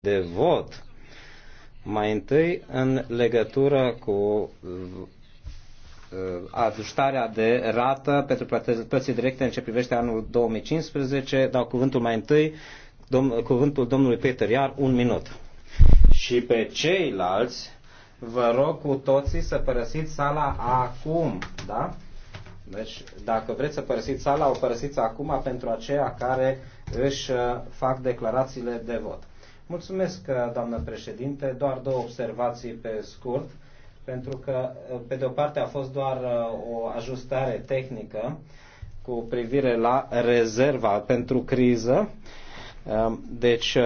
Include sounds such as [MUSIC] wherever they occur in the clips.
de vot. Mai întâi, în legătură cu uh, ajustarea de rată pentru plății directe în ce privește anul 2015, dau cuvântul mai întâi, dom- cuvântul domnului Peter Iar, un minut. Și pe ceilalți, vă rog cu toții să părăsiți sala acum, da? Deci, dacă vreți să părăsiți sala, o părăsiți acum pentru aceia care își uh, fac declarațiile de vot. Mulțumesc, uh, doamnă președinte. Doar două observații pe scurt, pentru că, uh, pe de o parte, a fost doar uh, o ajustare tehnică cu privire la rezerva pentru criză. Deci,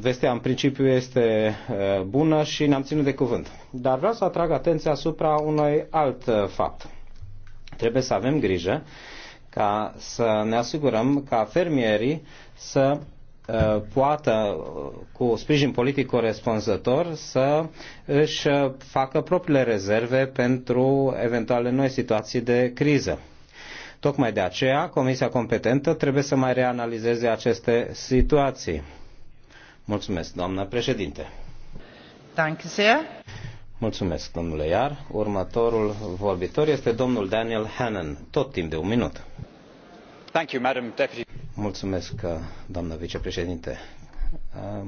vestea în principiu este bună și ne-am ținut de cuvânt. Dar vreau să atrag atenția asupra unui alt fapt. Trebuie să avem grijă ca să ne asigurăm ca fermierii să Uh, poată, uh, cu sprijin politic corespunzător, să își facă propriile rezerve pentru eventuale noi situații de criză. Tocmai de aceea, Comisia competentă trebuie să mai reanalizeze aceste situații. Mulțumesc, doamnă președinte. Danke sehr. Mulțumesc, domnule Iar. Următorul vorbitor este domnul Daniel Hannan, tot timp de un minut. Mulțumesc, uh, doamnă vicepreședinte. Uh,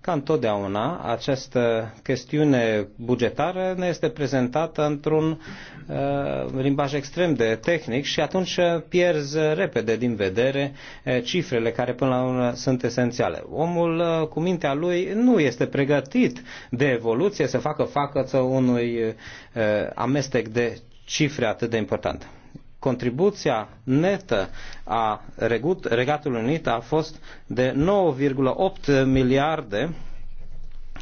ca întotdeauna, această chestiune bugetară ne este prezentată într-un uh, limbaj extrem de tehnic și atunci pierzi repede din vedere cifrele care până la urmă sunt esențiale. Omul cu mintea lui nu este pregătit de evoluție să facă față unui amestec de cifre atât de importante contribuția netă a Regatului Unit a fost de 9,8 miliarde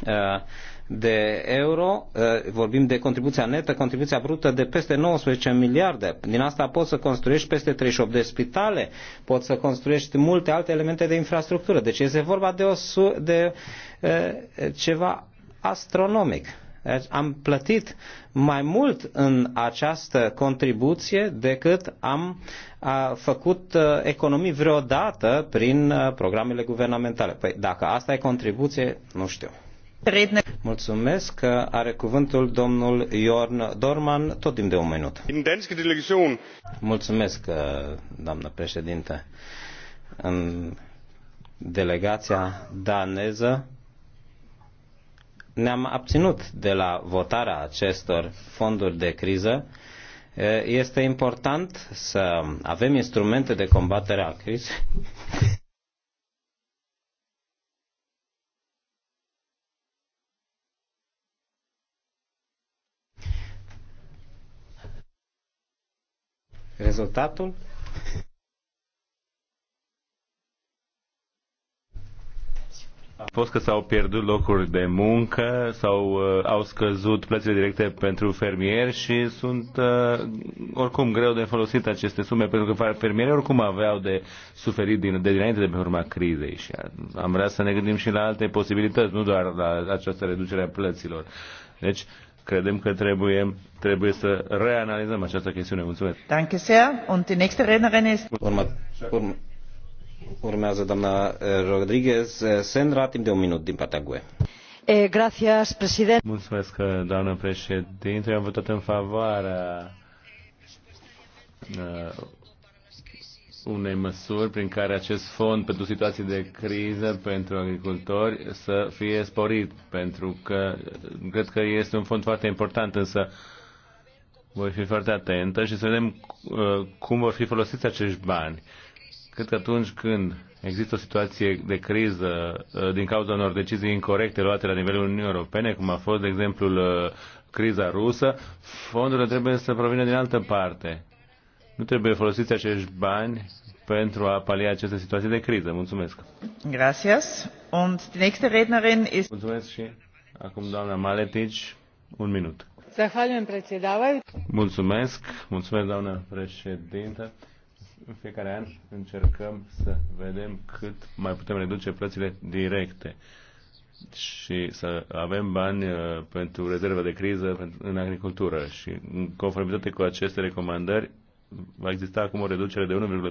uh, de euro, uh, vorbim de contribuția netă, contribuția brută de peste 19 miliarde. Din asta poți să construiești peste 38 de spitale, poți să construiești multe alte elemente de infrastructură. Deci este vorba de, o, de uh, ceva astronomic. Deci am plătit mai mult în această contribuție decât am a, făcut a, economii vreodată prin a, programele guvernamentale. Păi dacă asta e contribuție, nu știu. Mulțumesc. Are cuvântul domnul Iorn Dorman, tot timp de un minut. Mulțumesc, doamnă președinte. În delegația daneză ne-am abținut de la votarea acestor fonduri de criză. Este important să avem instrumente de combatere a crizei. Rezultatul a fost că s-au pierdut locuri de muncă, sau uh, au scăzut plățile directe pentru fermieri și sunt uh, oricum greu de folosit aceste sume, pentru că fermierii oricum aveau de suferit din, de dinainte de pe urma crizei și am vrea să ne gândim și la alte posibilități, nu doar la această reducere a plăților. Deci, credem că trebuie, trebuie să reanalizăm această chestiune. Mulțumesc. Danke sehr. Und die nächste Rednerin ist... Urmează doamna eh, Rodriguez eh, Senra, timp de un minut din partea GUE. E, eh, gracias, president. Mulțumesc, doamnă președinte. Eu am votat în favoarea uh, unei măsuri prin care acest fond pentru situații de criză pentru agricultori să fie sporit, pentru că cred că este un fond foarte important, însă voi fi foarte atentă și să vedem cum vor fi folosiți acești bani. Cred că atunci când există o situație de criză uh, din cauza unor decizii incorrecte luate la nivelul Uniunii Europene, cum a fost, de exemplu, uh, criza rusă, fondurile trebuie să provină din altă parte. Nu trebuie folosiți acești bani pentru a palia aceste situații de criză. Mulțumesc. Gracias. Und die nächste Rednerin ist... Mulțumesc și acum doamna Maletic un minut. Mulțumesc, mulțumesc doamna președintă în fiecare an încercăm să vedem cât mai putem reduce plățile directe și să avem bani uh, pentru rezervă de criză în agricultură și în conformitate cu aceste recomandări va exista acum o reducere de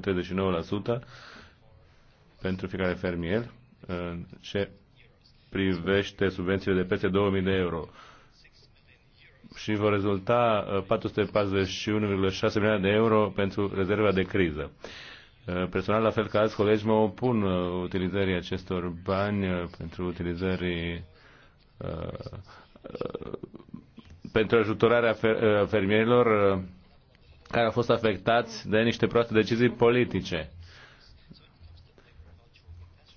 1,39% pentru fiecare fermier uh, ce privește subvențiile de peste 2000 de euro și vor rezulta 441,6 uh, milioane de euro pentru rezerva de criză. Uh, personal, la fel ca alți colegi, mă opun uh, utilizării acestor bani pentru utilizării pentru ajutorarea fermierilor care au fost afectați de niște proaste decizii politice.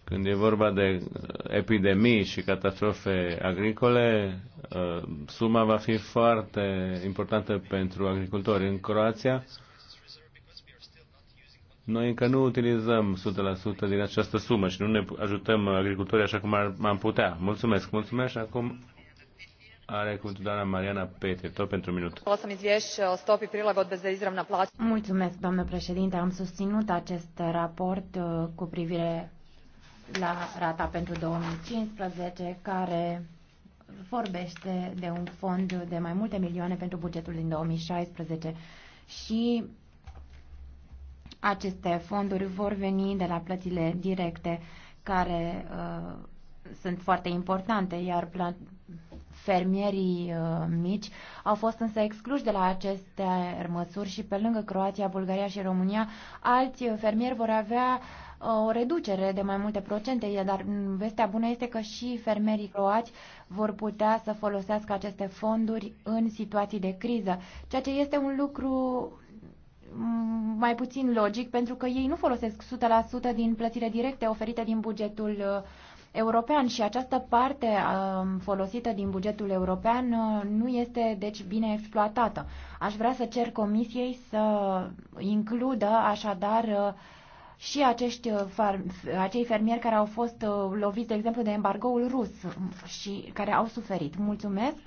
Când e vorba de uh, epidemii și catastrofe agricole, uh, suma va fi foarte importantă pentru agricultori. În Croația, noi încă nu utilizăm 100% din această sumă și nu ne ajutăm agricultorii așa cum ar, am putea. Mulțumesc, mulțumesc și acum are cuvântul doamna Mariana Petre. tot pentru un minut. Mulțumesc, doamnă președinte. Am susținut acest raport uh, cu privire la rata pentru 2015, care vorbește de un fond de mai multe milioane pentru bugetul din 2016 și aceste fonduri vor veni de la plățile directe care uh, sunt foarte importante, iar fermierii uh, mici au fost însă excluși de la aceste măsuri și pe lângă Croația, Bulgaria și România, alți fermieri vor avea uh, o reducere de mai multe procente, dar vestea bună este că și fermerii croați vor putea să folosească aceste fonduri în situații de criză, ceea ce este un lucru mm, mai puțin logic, pentru că ei nu folosesc 100% din plățile directe oferite din bugetul uh, european și această parte um, folosită din bugetul european uh, nu este deci bine exploatată. Aș vrea să cer comisiei să includă așadar uh, și acești uh, acei fermieri care au fost uh, loviți, de exemplu, de embargoul rus și care au suferit. Mulțumesc!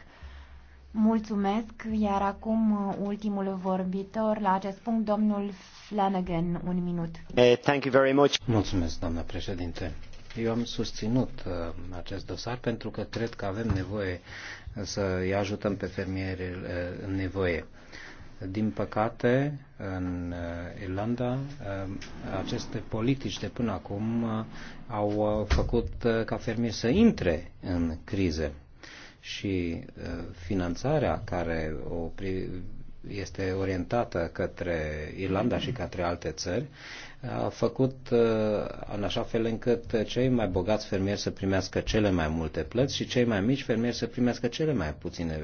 Mulțumesc! Iar acum uh, ultimul vorbitor la acest punct, domnul Flanagan, un minut. Eh, thank you very much. Mulțumesc, doamna președinte. Eu am susținut acest dosar pentru că cred că avem nevoie să îi ajutăm pe fermieri în nevoie. Din păcate, în uh, Irlanda, uh, aceste politici de până acum uh, au făcut ca fermieri să intre în crize și finanțarea care o este orientată către Irlanda și către alte țări, a făcut în așa fel încât cei mai bogați fermieri să primească cele mai multe plăți și cei mai mici fermieri să primească cele mai puține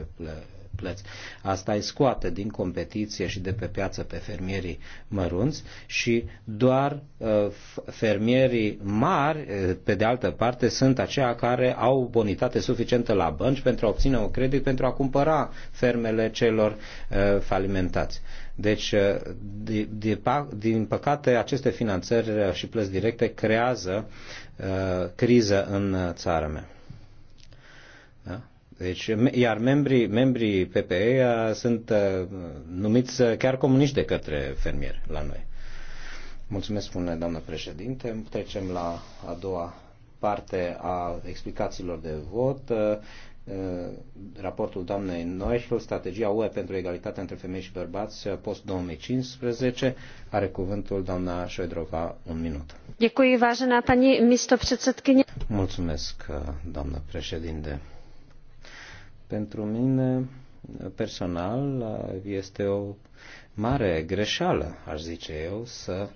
plăți. Asta îi scoate din competiție și de pe piață pe fermierii mărunți și doar uh, fermierii mari, uh, pe de altă parte, sunt aceia care au bonitate suficientă la bănci pentru a obține un credit pentru a cumpăra fermele celor uh, falimentați. Deci, din păcate, aceste finanțări și plăți directe creează criză în țara mea. Deci, iar membrii, membrii PPE uh, sunt uh, numiți uh, chiar comuniști de către fermieri la noi. Mulțumesc, spune doamnă președinte. Trecem la a doua parte a explicațiilor de vot. Raportul doamnei Noichel, strategia UE pentru egalitate între femei și bărbați post-2015, are cuvântul doamna Șoedrova, un minut. Mulțumesc, doamnă președinte. Pentru mine, personal, este o mare greșeală, aș zice eu, să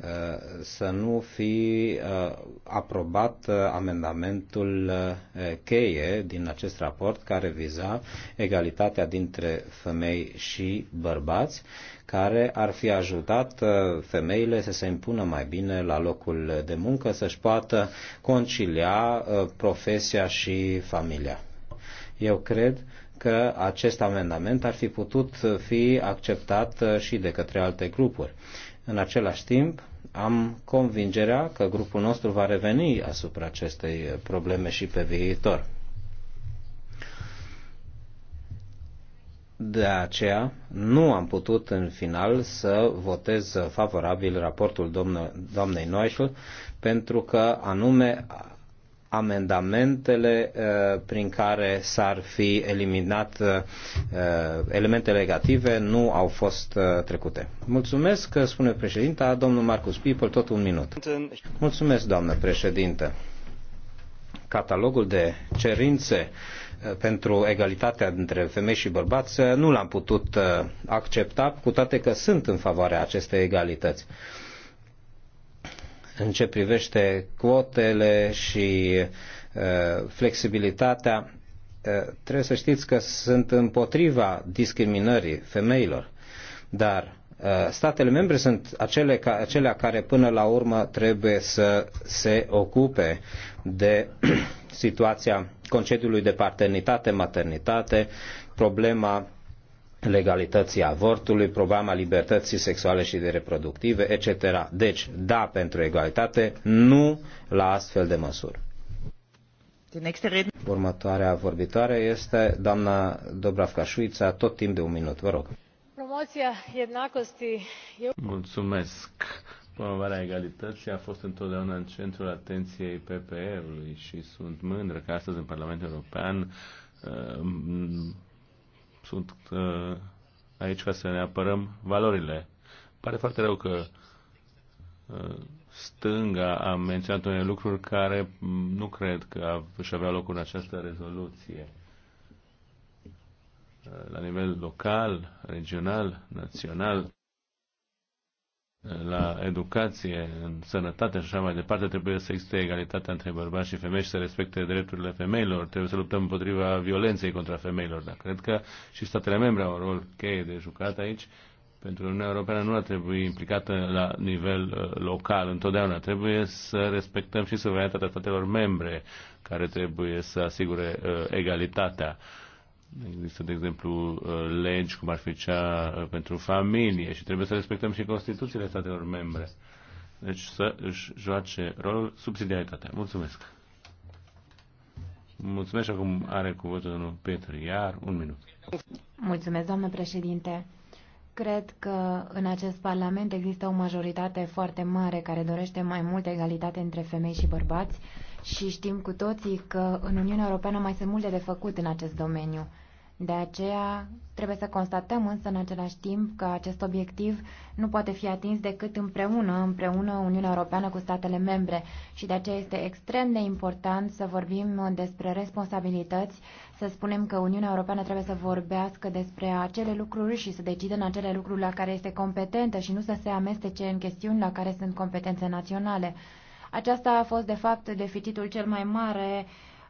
uh, să nu fi uh, aprobat uh, amendamentul cheie din acest raport care viza egalitatea dintre femei și bărbați, care ar fi ajutat femeile să se impună mai bine la locul de muncă, să-și poată concilia profesia și familia. Eu cred că acest amendament ar fi putut fi acceptat uh, și de către alte grupuri. În același timp, am convingerea că grupul nostru va reveni asupra acestei uh, probleme și pe viitor. De aceea nu am putut în final să votez favorabil raportul doamnei Noișl pentru că anume amendamentele uh, prin care s-ar fi eliminat uh, uh, elemente negative nu au fost trecute. Mulțumesc, spune președinta, domnul Marcus Pipel, tot un minut. Mulțumesc, doamnă președinte. Catalogul de cerințe pentru egalitatea dintre femei și bărbați nu l-am putut accepta, cu toate că sunt în favoarea acestei egalități în ce privește cuotele și uh, flexibilitatea, uh, trebuie să știți că sunt împotriva discriminării femeilor, dar uh, statele membre sunt acele, acelea care până la urmă trebuie să se ocupe de [CLEARS THROAT] situația concediului de paternitate, maternitate, problema legalității avortului, problema libertății sexuale și de reproductive, etc. Deci, da pentru egalitate, nu la astfel de măsuri. Următoarea vorbitoare este doamna Dobravka Șuița, tot timp de un minut, vă rog. Promoția jednakosti... Mulțumesc. Promovarea egalității a fost întotdeauna în centrul atenției ppr ului și sunt mândră că astăzi în Parlamentul European uh, sunt uh, aici ca să ne apărăm valorile. Pare foarte rău că uh, stânga a menționat unele lucruri care mm, nu cred că își avea loc în această rezoluție. Uh, la nivel local, regional, național, la educație, în sănătate și așa mai departe, trebuie să existe egalitatea între bărbați și femei și să respecte drepturile femeilor. Trebuie să luptăm împotriva violenței contra femeilor. Dar cred că și statele membre au un rol cheie de jucat aici. Pentru Uniunea Europeană nu ar trebui implicată la nivel uh, local întotdeauna. Trebuie să respectăm și suveranitatea statelor membre care trebuie să asigure uh, egalitatea. Există, de exemplu, uh, legi cum ar fi cea uh, pentru familie și trebuie să respectăm și Constituțiile statelor membre. Deci să își joace rolul subsidiaritatea. Mulțumesc! Mulțumesc acum are cuvântul domnul Petr Iar. Un minut. Mulțumesc, doamnă președinte. Cred că în acest Parlament există o majoritate foarte mare care dorește mai mult egalitate între femei și bărbați și știm cu toții că în Uniunea Europeană mai sunt multe de făcut în acest domeniu. De aceea trebuie să constatăm însă în același timp că acest obiectiv nu poate fi atins decât împreună, împreună Uniunea Europeană cu statele membre și de aceea este extrem de important să vorbim despre responsabilități, să spunem că Uniunea Europeană trebuie să vorbească despre acele lucruri și să decidă în acele lucruri la care este competentă și nu să se amestece în chestiuni la care sunt competențe naționale. Aceasta a fost, de fapt, deficitul cel mai mare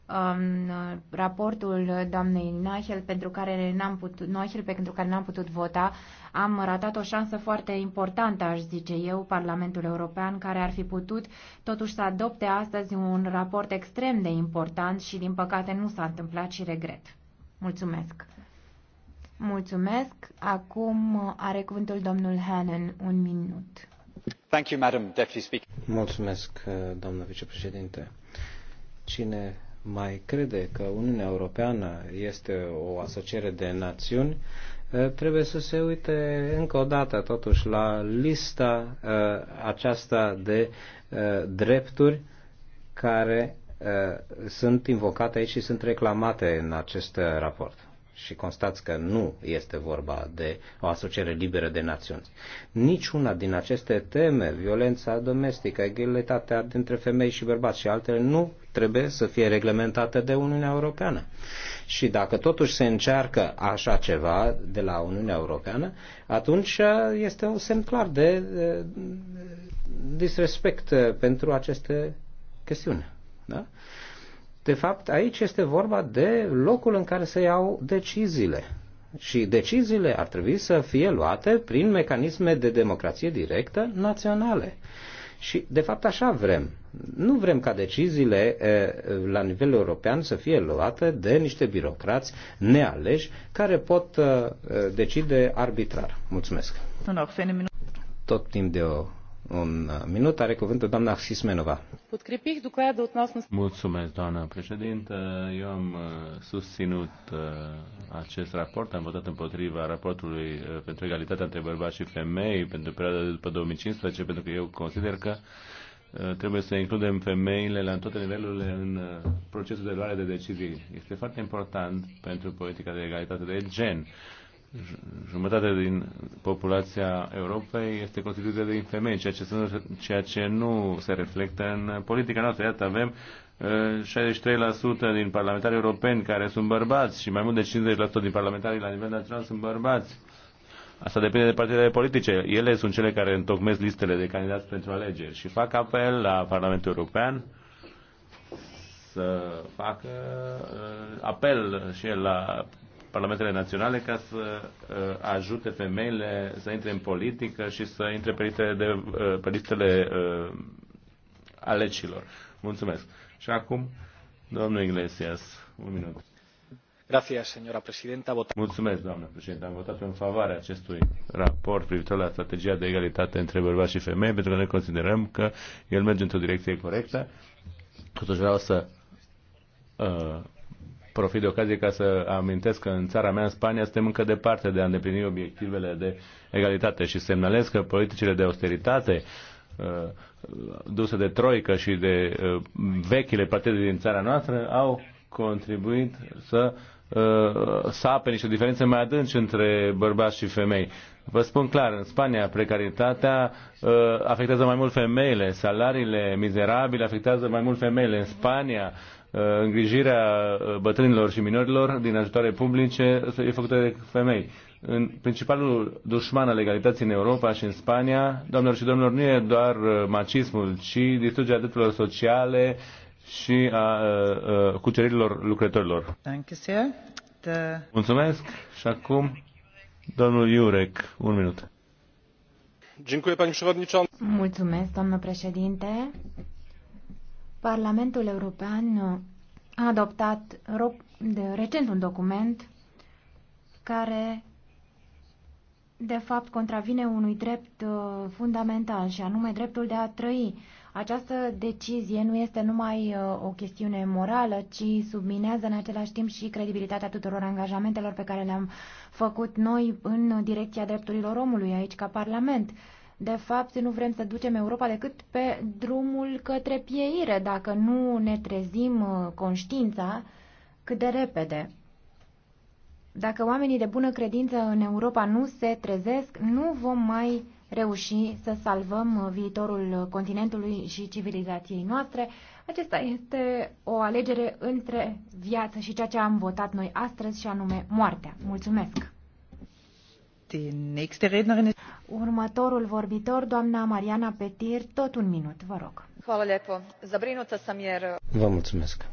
um, raportul doamnei Nahel pentru care n-am putut, Nahel pentru care n-am putut vota, am ratat o șansă foarte importantă, aș zice eu, Parlamentul European, care ar fi putut totuși să adopte astăzi un raport extrem de important și, din păcate, nu s-a întâmplat și regret. Mulțumesc! Mulțumesc! Acum are cuvântul domnul Hannan, un minut. Mulțumesc, uh, doamnă vicepreședinte. Cine mai crede că Uniunea Europeană este o asociere de națiuni, uh, trebuie să se uite încă o dată totuși la lista uh, aceasta de drepturi care sunt invocate aici și sunt reclamate în acest raport și constați că nu este vorba de o asociere liberă de națiuni. Niciuna din aceste teme, violența domestică, egalitatea dintre femei și bărbați și altele, nu trebuie să fie reglementate de Uniunea Europeană. Și dacă totuși se încearcă așa ceva de la Uniunea Europeană, atunci este un semn clar de disrespect pentru aceste chestiuni. Da? De fapt, aici este vorba de locul în care se iau deciziile. Și deciziile ar trebui să fie luate prin mecanisme de democrație directă naționale. Și, de fapt, așa vrem. Nu vrem ca deciziile la nivel european să fie luate de niște birocrați nealeși care pot decide arbitrar. Mulțumesc. Tot timp de o minut are Mulțumesc, doamna președintă. Eu am uh, susținut uh, acest raport, am votat împotriva raportului uh, pentru egalitatea între bărbați și femei pentru perioada după 2015, pentru că eu consider că trebuie să includem femeile la toate nivelurile în procesul de luare de decizii. Este foarte important pentru politica de egalitate de gen jumătate din populația Europei este constituită din femei, ceea ce, sunt, ceea ce nu se reflectă în politica noastră. Iată, avem 63% uh, din parlamentarii europeni care sunt bărbați și mai mult de 50% din parlamentarii la nivel național sunt bărbați. Asta depinde de partidele politice. Ele sunt cele care întocmesc listele de candidați pentru alegeri și fac apel la Parlamentul European să facă uh, apel și el la parlamentele naționale ca să uh, ajute femeile să intre în politică și să intre pe listele, de, uh, pe listele uh, alecilor. Mulțumesc. Și acum, domnul Iglesias, un minut. Gracias, señora presidenta. Vota... Mulțumesc, doamnă președinte. Am votat în favoarea acestui raport privitor la strategia de egalitate între bărbați și femei, pentru că noi considerăm că el merge într-o direcție corectă. Totuși vreau să uh, profit de ocazie ca să amintesc că în țara mea, în Spania, suntem încă departe de a îndeplini obiectivele de egalitate și semnalez că politicile de austeritate uh, duse de troică și de uh, vechile partide din țara noastră au contribuit să uh, să ape niște diferențe mai adânci între bărbați și femei. Vă spun clar, în Spania precaritatea afectează mai mult femeile, salariile mizerabile afectează mai mult femeile. În Spania Uh, îngrijirea uh, bătrânilor și minorilor din ajutoare publice e făcută de femei. În principalul dușman al legalității în Europa și în Spania, doamnelor și domnilor, nu e doar uh, macismul, ci distrugerea drepturilor sociale și a, a, a cuceririlor lucrătorilor. Mulțumesc și acum domnul Iurec, un minut. Mulțumesc, doamnă președinte. Parlamentul European uh, a adoptat de recent un document care de fapt contravine unui drept uh, fundamental și anume dreptul de a trăi. Această decizie nu este numai uh, o chestiune morală, ci subminează în același timp și credibilitatea tuturor angajamentelor pe care le-am făcut noi în direcția drepturilor omului aici ca Parlament. De fapt, nu vrem să ducem Europa decât pe drumul către pieire, dacă nu ne trezim uh, conștiința cât de repede. Dacă oamenii de bună credință în Europa nu se trezesc, nu vom mai reuși să salvăm uh, viitorul continentului și civilizației noastre. Acesta este o alegere între viață și ceea ce am votat noi astăzi, și anume moartea. Mulțumesc! Următorul vorbitor, doamna Mariana Petir, tot un minut, vă rog. Vă mulțumesc.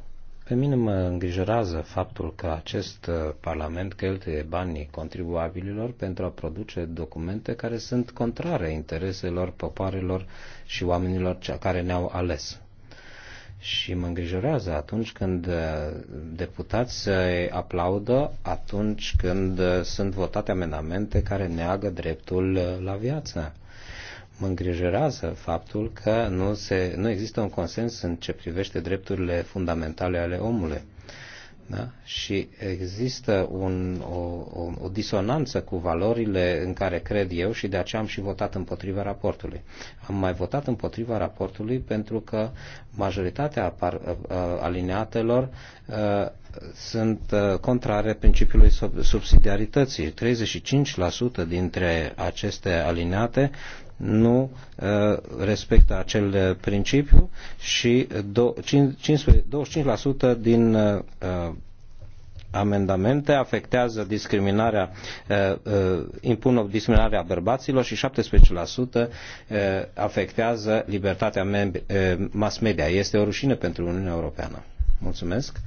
Pe mine mă îngrijorează faptul că acest uh, Parlament cheltuie banii contribuabililor pentru a produce documente care sunt contrare intereselor popoarelor și oamenilor care ne-au ales și mă îngrijorează atunci când uh, deputați se aplaudă atunci când uh, sunt votate amendamente care neagă dreptul uh, la viață. Mă îngrijorează faptul că nu, se, nu există un consens în ce privește drepturile fundamentale ale omului. Da? Și există un, o, o, o disonanță cu valorile în care cred eu și de aceea am și votat împotriva raportului. Am mai votat împotriva raportului pentru că majoritatea par, uh, uh, alineatelor uh, sunt uh, contrare principiului sub, subsidiarității. 35% dintre aceste alineate nu uh, respectă acel uh, principiu și 25% din uh, amendamente afectează discriminarea, impun o discriminare a bărbaților și 17% afectează libertatea mass media. Este o rușine pentru Uniunea Europeană. Mulțumesc.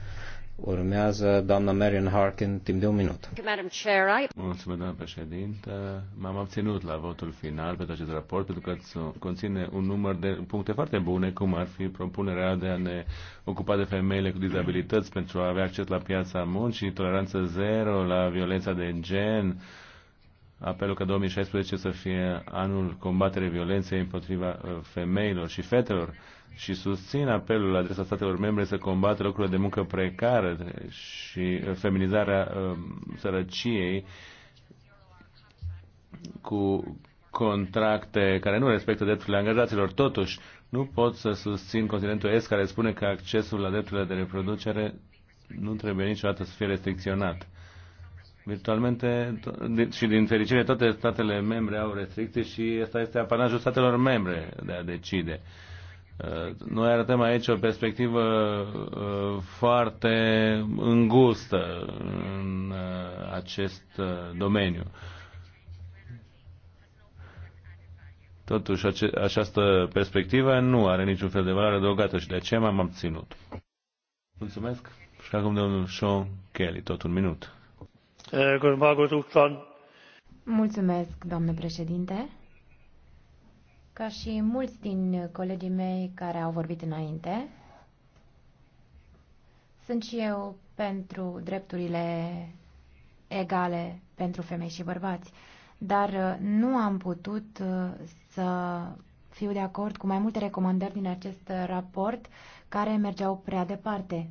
Urmează doamna Marian Harkin timp de un minut. Mulțumesc, doamna președinte. M-am abținut la votul final pentru acest raport pentru că conține un număr de puncte foarte bune, cum ar fi propunerea de a ne ocupa de femeile cu dizabilități pentru a avea acces la piața muncii, toleranță zero la violența de gen, apelul că 2016 să fie anul combaterei violenței împotriva uh, femeilor și fetelor și susțin apelul la adresa statelor membre să combată locurile de muncă precară și uh, feminizarea um, sărăciei cu contracte care nu respectă drepturile angajaților. Totuși, nu pot să susțin continentul S care spune că accesul la drepturile de reproducere nu trebuie niciodată să fie restricționat. Virtualmente și din fericire toate statele membre au restricții și asta este apanajul statelor membre de a decide. Uh, noi arătăm aici o perspectivă uh, foarte îngustă în uh, acest domeniu. Totuși, această perspectivă nu are niciun fel de valoare adăugată și de aceea m-am abținut. Mulțumesc. Și acum domnul Sean Kelly, tot un minut. Mulțumesc, domnule președinte. Ca și mulți din colegii mei care au vorbit înainte, sunt și eu pentru drepturile egale pentru femei și bărbați, dar uh, nu am putut uh, să fiu de acord cu mai multe recomandări din acest uh, raport care mergeau prea departe.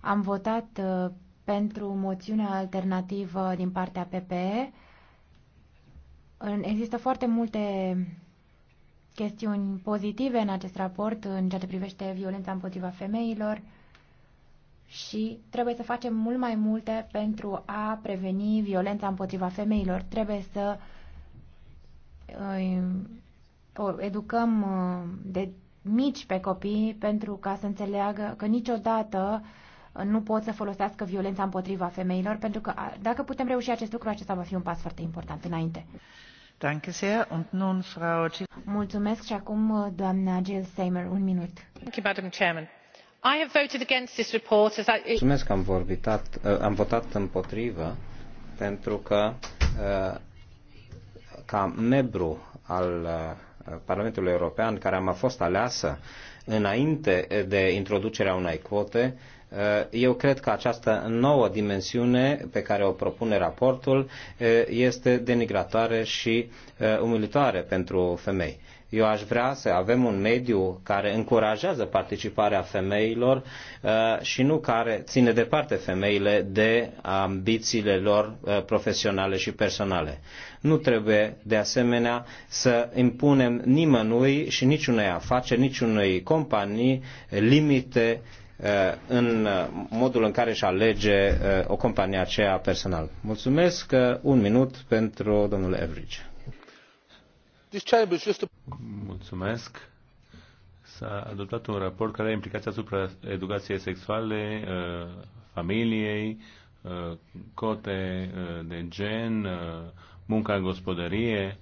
Am votat pentru moțiunea alternativă din partea PPE, Există foarte multe chestiuni pozitive în acest raport în ceea ce privește violența împotriva femeilor și trebuie să facem mult mai multe pentru a preveni violența împotriva femeilor. Trebuie să educăm uh, de mici pe copii pentru ca să înțeleagă că niciodată uh, nu pot să folosească violența împotriva femeilor, pentru că dacă putem reuși acest lucru, acesta va fi un pas foarte important înainte. Danke sehr und nun Frau Mulțumesc și acum doamna Jill Seymour, un minut. Thank you, Madam Chairman. I have voted against this report as I... Mulțumesc că am, vorbitat, uh, am votat împotrivă pentru că uh, ca membru al uh, Parlamentului European, care am fost aleasă înainte de introducerea unei quote, Eh, eu cred că această nouă dimensiune pe care o propune raportul eh, este denigratoare și eh, umilitoare pentru femei. Eu aș vrea să avem un mediu care încurajează participarea femeilor și nu care ține departe femeile de ambițiile lor profesionale și personale. Nu trebuie, de asemenea, să impunem nimănui și niciunei afaceri, niciunei companii limite Uh, în uh, modul în care își alege o uh, companie aceea personal. Mulțumesc. Un minut pentru domnul Everidge. Mulțumesc. S-a adoptat un raport care are implicația asupra educației sexuale, familiei, cote de gen, munca în gospodărie.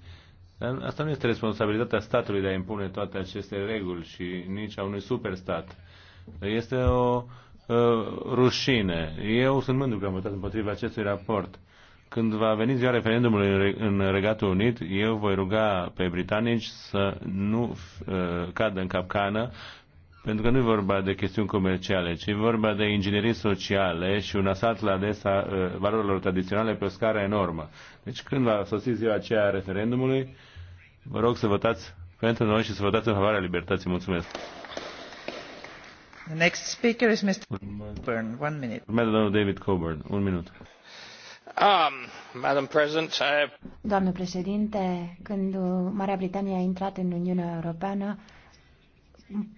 asta nu este responsabilitatea statului de a impune toate aceste reguli și nici a unui superstat este o rușine. Eu sunt mândru că am votat împotriva acestui raport. Când va veni ziua referendumului în Regatul Unit, eu voi ruga pe britanici să nu uh, cadă în capcană pentru că nu e vorba de chestiuni comerciale, ci e vorba de inginerii sociale și un asalt la adresa uh, valorilor tradiționale pe o scară enormă. Deci când va sosi ziua aceea a referendumului, vă rog să votați pentru noi și să votați în favoarea libertății. Mulțumesc! Next speaker is Mr. Coburn. One minute. Um, Madam President, Doamnă președinte, când uh, Marea Britanie a intrat în Uniunea Europeană,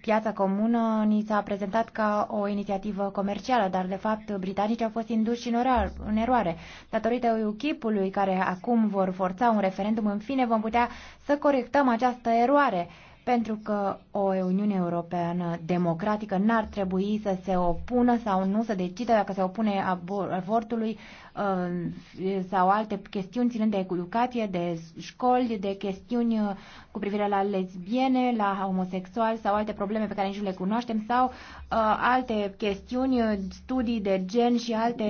piața comună ni s-a prezentat ca o inițiativă comercială, dar de fapt britanicii au fost induși în, în eroare. Datorită ukip care acum vor forța un referendum, în fine vom putea să corectăm această eroare pentru că o Uniune Europeană democratică n-ar trebui să se opună sau nu să decide dacă se opune avortului uh, sau alte chestiuni ținând de educație, de școli, de chestiuni uh, cu privire la lesbiene, la homosexuali sau alte probleme pe care nici nu le cunoaștem sau uh, alte chestiuni, studii de gen și alte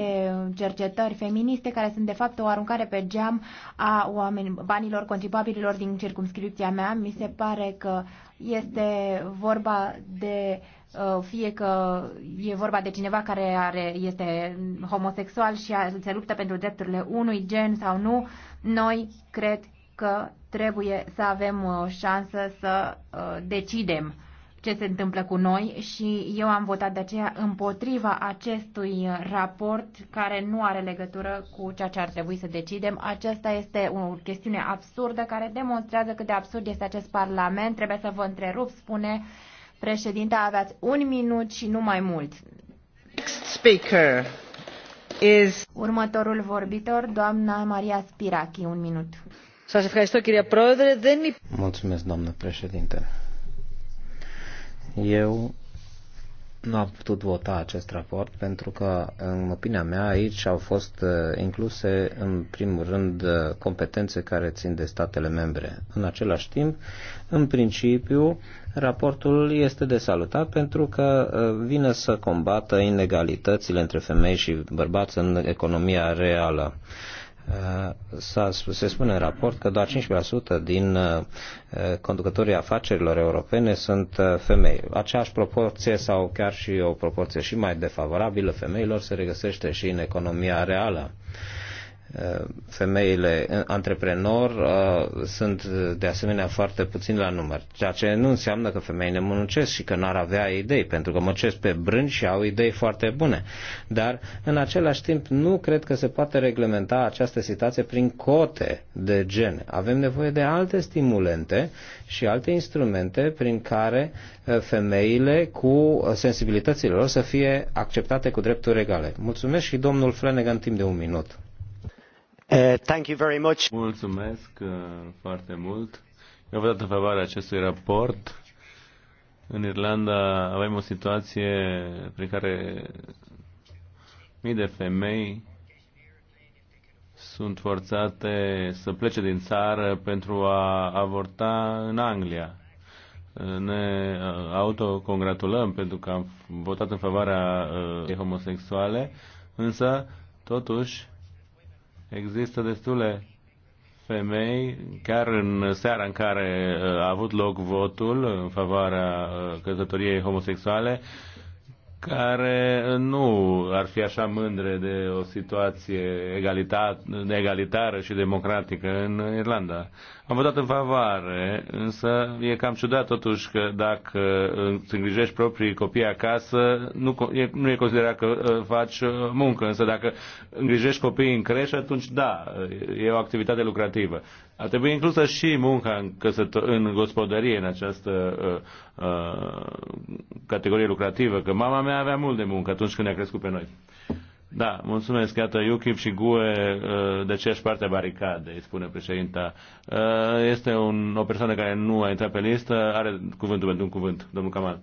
cercetări feministe care sunt de fapt o aruncare pe geam a oamenilor, banilor contribuabililor din circumscripția mea. Mi se pare că este vorba de uh, fie că e vorba de cineva care are, este homosexual și se luptă pentru drepturile unui gen sau nu, noi cred că trebuie să avem uh, șansă să uh, decidem ce se întâmplă cu noi și eu am votat de aceea împotriva acestui raport care nu are legătură cu ceea ce ar trebui să decidem. Aceasta este o chestiune absurdă care demonstrează cât de absurd este acest Parlament. Trebuie să vă întrerup, spune președinta, aveați un minut și nu mai mult. Next speaker is... Următorul vorbitor, doamna Maria Spirachi, un minut. Mulțumesc, doamnă președinte. Eu nu am putut vota acest raport pentru că, în opinia mea, aici au fost uh, incluse, în primul rând, uh, competențe care țin de statele membre. În același timp, în principiu, raportul este de salutat pentru că uh, vine să combată inegalitățile între femei și bărbați în economia reală. Uh, se spune în raport că doar 15% din uh, uh, conducătorii afacerilor europene sunt femei. Aceeași proporție sau chiar și o proporție și mai defavorabilă femeilor se regăsește și în economia reală. Uh, femeile uh, antreprenor uh, sunt de asemenea foarte puțin la număr, ceea ce nu înseamnă că femeile muncesc și că n-ar avea idei, pentru că muncesc pe brânci și au idei foarte bune. Dar, în același timp, nu cred că se poate reglementa această situație prin cote de gen. Avem nevoie de alte stimulente și alte instrumente prin care femeile cu sensibilitățile lor să fie acceptate cu drepturi egale. Mulțumesc și domnul Flanagan timp de un minut. Uh, thank you very much. Mulțumesc uh, foarte mult. Eu vă dat în favoarea acestui raport. În Irlanda avem o situație prin care mii de femei sunt forțate să plece din țară pentru a avorta în Anglia. Uh, ne autocongratulăm pentru că am votat în favoarea homosexuale, însă, totuși, Există destule femei, chiar în seara în care uh, a avut loc votul în favoarea uh, căsătoriei homosexuale, care uh, nu ar fi așa mândre de o situație egalitară și democratică în Irlanda. Am votat în favoare, însă e cam ciudat totuși că dacă uh, îți îngrijești proprii copii acasă, nu e, nu e considerat că uh, faci uh, muncă, însă dacă îngrijești copiii în creșă, atunci da, e o activitate lucrativă. Ar trebui inclusă și munca în, căsătă, în gospodărie, în această uh, uh, categorie lucrativă, că mama mea avea mult de muncă atunci când ne-a crescut pe noi. Da, mulțumesc. Iată, UKIP și GUE uh, de aceeași parte a baricadei, spune președinta. Uh, este un, o persoană care nu a intrat pe listă. Are cuvântul pentru un cuvânt, domnul Kamal.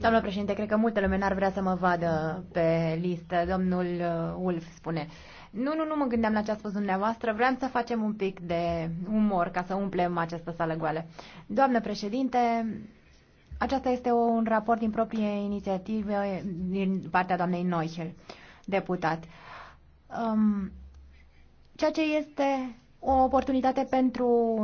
Doamna președinte, cred că multă lume n-ar vrea să mă vadă pe listă. Domnul uh, Ulf spune. Nu, nu, nu mă gândeam la ce a spus dumneavoastră. Vreau să facem un pic de umor ca să umplem această sală goală. Doamnă președinte, aceasta este un raport din proprie inițiativă din partea doamnei Neuchel deputat. Um, ceea ce este o oportunitate pentru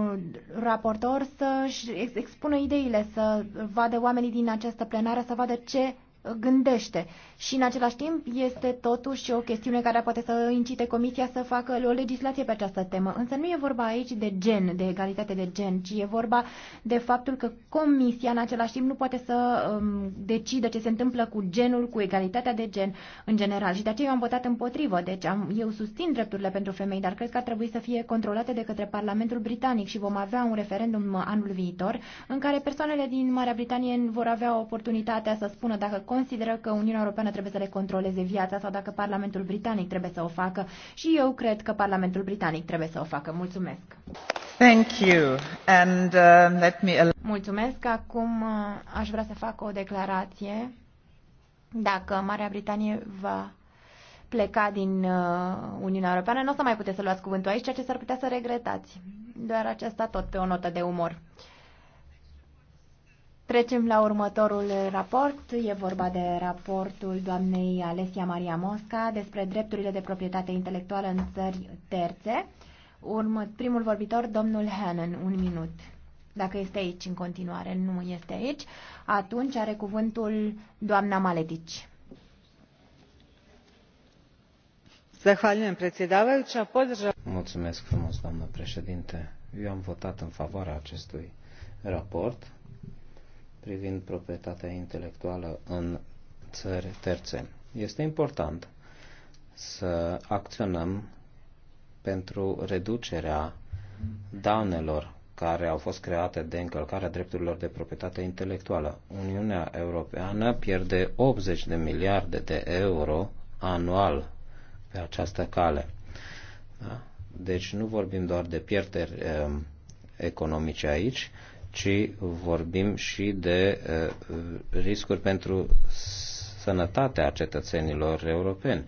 raportor să-și expună ideile, să vadă oamenii din această plenară, să vadă ce gândește. Și în același timp este totuși o chestiune care poate să incite Comisia să facă o legislație pe această temă. Însă nu e vorba aici de gen, de egalitate de gen, ci e vorba de faptul că Comisia în același timp nu poate să um, decidă ce se întâmplă cu genul, cu egalitatea de gen în general. Și de aceea eu am votat împotrivă. Deci am, eu susțin drepturile pentru femei, dar cred că ar trebui să fie controlate de către Parlamentul Britanic și vom avea un referendum anul viitor în care persoanele din Marea Britanie vor avea oportunitatea să spună dacă consideră că Uniunea Europeană trebuie să le controleze viața sau dacă Parlamentul Britanic trebuie să o facă și eu cred că Parlamentul Britanic trebuie să o facă. Mulțumesc! Thank you. And, uh, let me... Mulțumesc. Acum uh, aș vrea să fac o declarație. Dacă Marea Britanie va pleca din uh, Uniunea Europeană, nu o să mai puteți să luați cuvântul aici, ceea ce s-ar putea să regretați. Doar aceasta tot pe o notă de umor. Trecem la următorul raport. E vorba de raportul doamnei Alessia Maria Mosca despre drepturile de proprietate intelectuală în țări terțe. Urmă, primul vorbitor, domnul Hannon, un minut. Dacă este aici în continuare, nu este aici, atunci are cuvântul doamna Maletici. Mulțumesc frumos, doamnă președinte. Eu am votat în favoarea acestui raport privind proprietatea intelectuală în țări terțe. Este important să acționăm pentru reducerea daunelor care au fost create de încălcarea drepturilor de proprietate intelectuală. Uniunea Europeană pierde 80 de miliarde de euro anual pe această cale. Da? Deci nu vorbim doar de pierderi ehm, economice aici, ci vorbim și de uh, uh, riscuri pentru sănătatea cetățenilor europeni.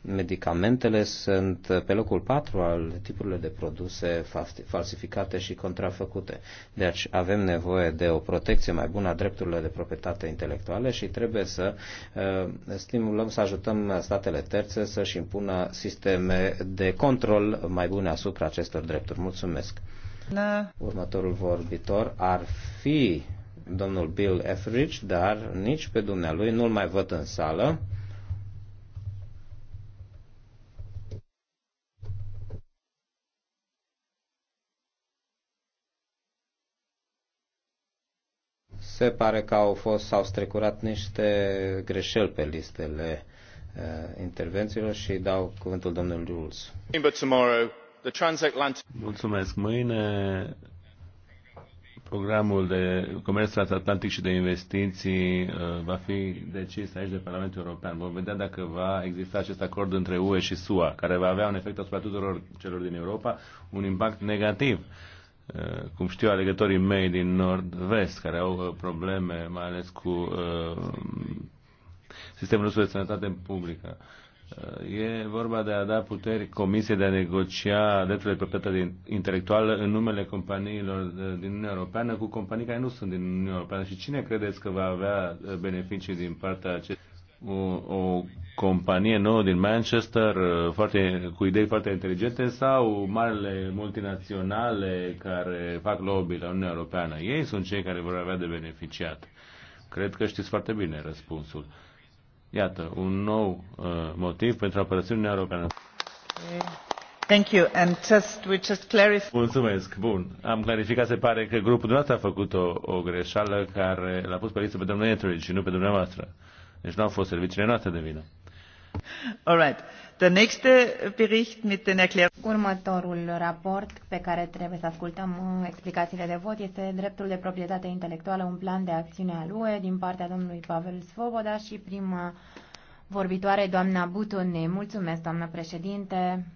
Medicamentele sunt pe locul 4 al tipurilor de produse falsificate și contrafăcute. Deci avem nevoie de o protecție mai bună a drepturilor de proprietate intelectuală și trebuie să uh, stimulăm, să ajutăm statele terțe să-și impună sisteme de control mai bune asupra acestor drepturi. Mulțumesc! Următorul vorbitor ar fi domnul Bill Etheridge, dar nici pe dumnealui nu-l mai văd în sală. Se pare că au fost, s-au strecurat niște greșeli pe listele uh, intervențiilor și dau cuvântul domnului Jules the transatlantic... Mulțumesc. Mâine programul de comerț transatlantic și de investiții uh, va fi decis aici de Parlamentul European. Vom vedea dacă va exista acest acord între UE și SUA, care va avea un efect asupra tuturor celor din Europa, un impact negativ. Uh, cum știu alegătorii mei din Nord-Vest, care au uh, probleme mai ales cu sistemul nostru de sănătate publică. E vorba de a da puteri Comisiei de a negocia drepturile de proprietate intelectuală în numele companiilor uh, din Uniunea Europeană cu companii care nu sunt din Uniunea Europeană. Și cine credeți că va avea uh, beneficii din partea acestei? O, o companie nouă din Manchester uh, foarte, cu idei foarte inteligente sau marile multinaționale care fac lobby la Uniunea Europeană? Ei sunt cei care vor avea de beneficiat. Cred că știți foarte bine răspunsul. Iată, un nou uh, motiv pentru a Europeană. Thank you. And just, we just clarify... Mulțumesc. Bun. Am clarificat, se pare că grupul dumneavoastră a făcut o, o greșeală care l-a pus pe listă pe domnul Etheridge și nu pe dumneavoastră. Deci nu au fost serviciile noastre de vină. All right. Următorul raport pe care trebuie să ascultăm uh, explicațiile de vot este dreptul de proprietate intelectuală, un plan de acțiune al UE din partea domnului Pavel Svoboda și prima vorbitoare, doamna Butone. Mulțumesc, doamnă președinte.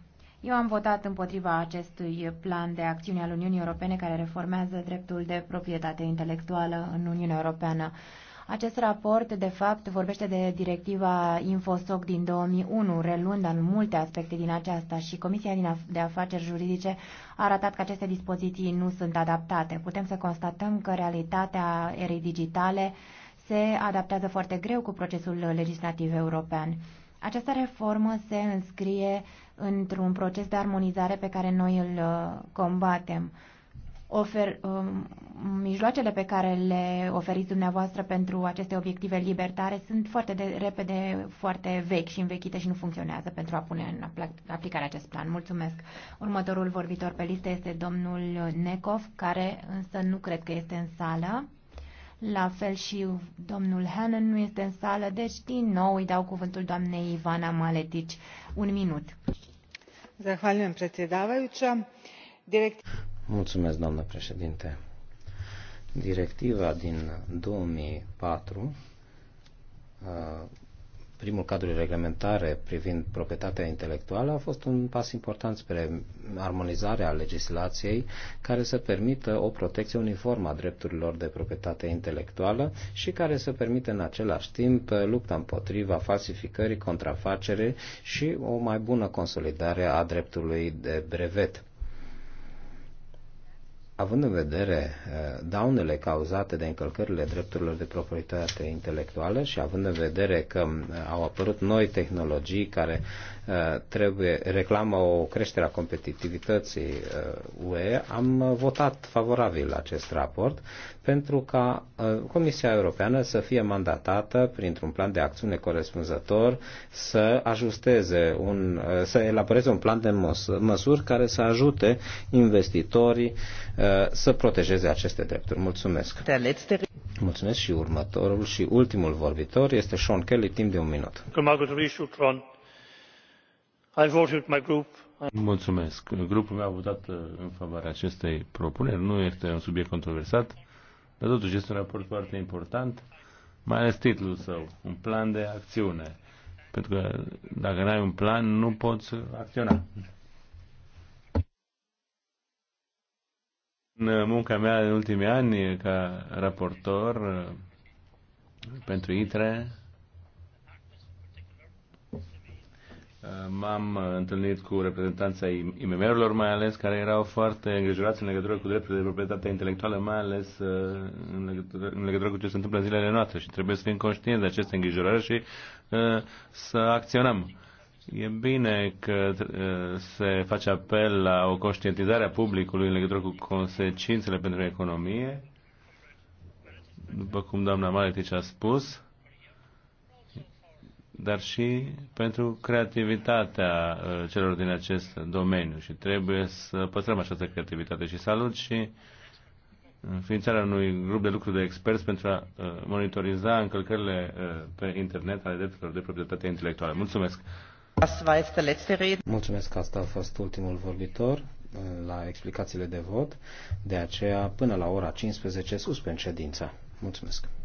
Eu am votat împotriva acestui plan de acțiune al Uniunii Europene care reformează dreptul de proprietate intelectuală în Uniunea Europeană. Acest raport, de fapt, vorbește de directiva InfoSoc din 2001, relând în multe aspecte din aceasta și Comisia din de Afaceri Juridice a arătat că aceste dispoziții nu sunt adaptate. Putem să constatăm că realitatea erei digitale se adaptează foarte greu cu procesul legislativ european. Această reformă se înscrie într-un proces de armonizare pe care noi îl uh, combatem ofer, um, mijloacele pe care le oferiți dumneavoastră pentru aceste obiective libertare sunt foarte de, repede, foarte vechi și învechite și nu funcționează pentru a pune în aplicare acest plan. Mulțumesc. Următorul vorbitor pe listă este domnul Necov, care însă nu cred că este în sală. La fel și domnul Hannon nu este în sală, deci din nou îi dau cuvântul doamnei Ivana Maletici. Un minut. Zahvaljujem predsjedavajuća. Direct... Mulțumesc, doamnă președinte. Directiva din 2004, uh, primul cadru reglementar reglementare privind proprietatea intelectuală, a fost un pas important spre armonizarea legislației care să permită o protecție uniformă a drepturilor de proprietate intelectuală și care să permită în același timp lupta împotriva falsificării, contrafacere și o mai bună consolidare a dreptului de brevet având în vedere eh, daunele cauzate de încălcările drepturilor de proprietate intelectuală și având în vedere că eh, au apărut noi tehnologii care Uh, trebuie reclamă o creștere a competitivității uh, UE, am uh, votat favorabil acest raport pentru ca Comisia Europeană să fie mandatată printr-un plan de acțiune corespunzător să ajusteze un, să elaboreze un plan de măsuri care să ajute investitorii să protejeze aceste drepturi. Mulțumesc! Mulțumesc și următorul și ultimul vorbitor este Sean Kelly, timp de un minut. Mulțumesc. Mulțumesc. Grupul meu a votat uh, în favoarea acestei propuneri. Nu este un subiect controversat, dar totuși este un raport foarte important, mai ales titlul său, un plan de acțiune. Pentru că dacă nu ai un plan, nu poți acționa. În munca mea în ultimii ani ca raportor uh, pentru ITRE, M-am uh, întâlnit cu reprezentanța IMM-urilor, mai ales, care erau foarte îngrijorați în legătură cu drepturile de proprietate intelectuală, mai ales uh, în legătură, în legătură cu ce se întâmplă în zilele noastre și trebuie să fim conștienți de aceste îngrijorări și uh, să acționăm. E bine că se face apel la o conștientizare a publicului în legătură cu consecințele pentru economie, după cum doamna Maletici a spus dar și pentru creativitatea uh, celor din acest domeniu și trebuie să păstrăm această creativitate și salut și înființarea unui grup de lucru de experți pentru a uh, monitoriza încălcările uh, pe internet ale drepturilor de proprietate intelectuală. Mulțumesc! Mulțumesc că asta a fost ultimul vorbitor la explicațiile de vot, de aceea până la ora 15 suspend ședința. Mulțumesc!